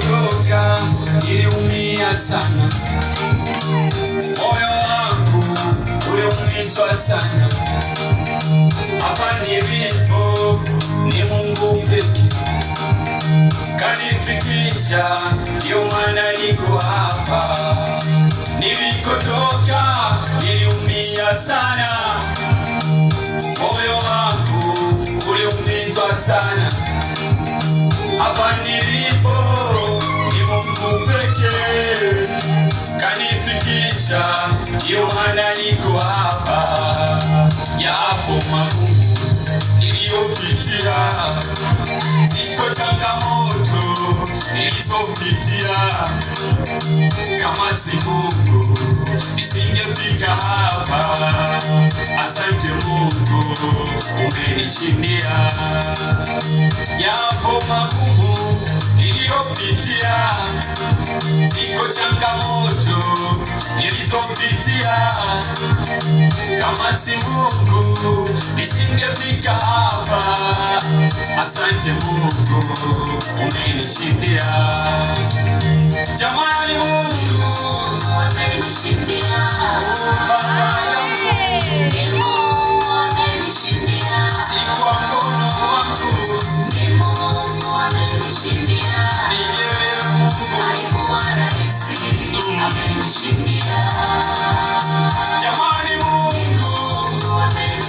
kuondoka, niliumia sana, moyo wangu uliumizwa sana. Hapa nilipo ni Mungu pekee kanifikisha, ndio maana niko hapa. Nilikotoka niliumia sana, moyo wangu uliumizwa sana. Hapa Ndiyo maana niko hapa, yapo magumu niliyopitia, ziko changamoto nilizopitia. Kama si Mungu nisingefika hapa. Asante Mungu, umenishindia. Yapo magumu niliyopitia, ziko changamoto nilizopitia, kama si Mungu nisingefika hapa. Asante Mungu umenishindia